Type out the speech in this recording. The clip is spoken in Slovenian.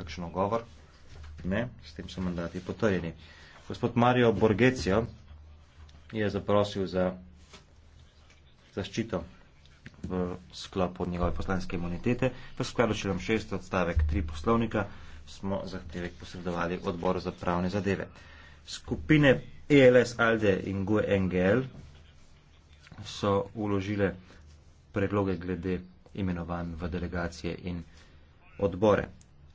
kakšen govor? Ne, s tem so mandati potrjeni. Gospod Mario Borgecio je zaprosil za zaščito v sklopu njegove poslanske imunitete. V skladu še nam šest odstavek tri poslovnika smo zahteve posredovali odbor za pravne zadeve. Skupine ELS ALDE in GUE NGL so uložile predloge glede imenovanj v delegacije in odbore.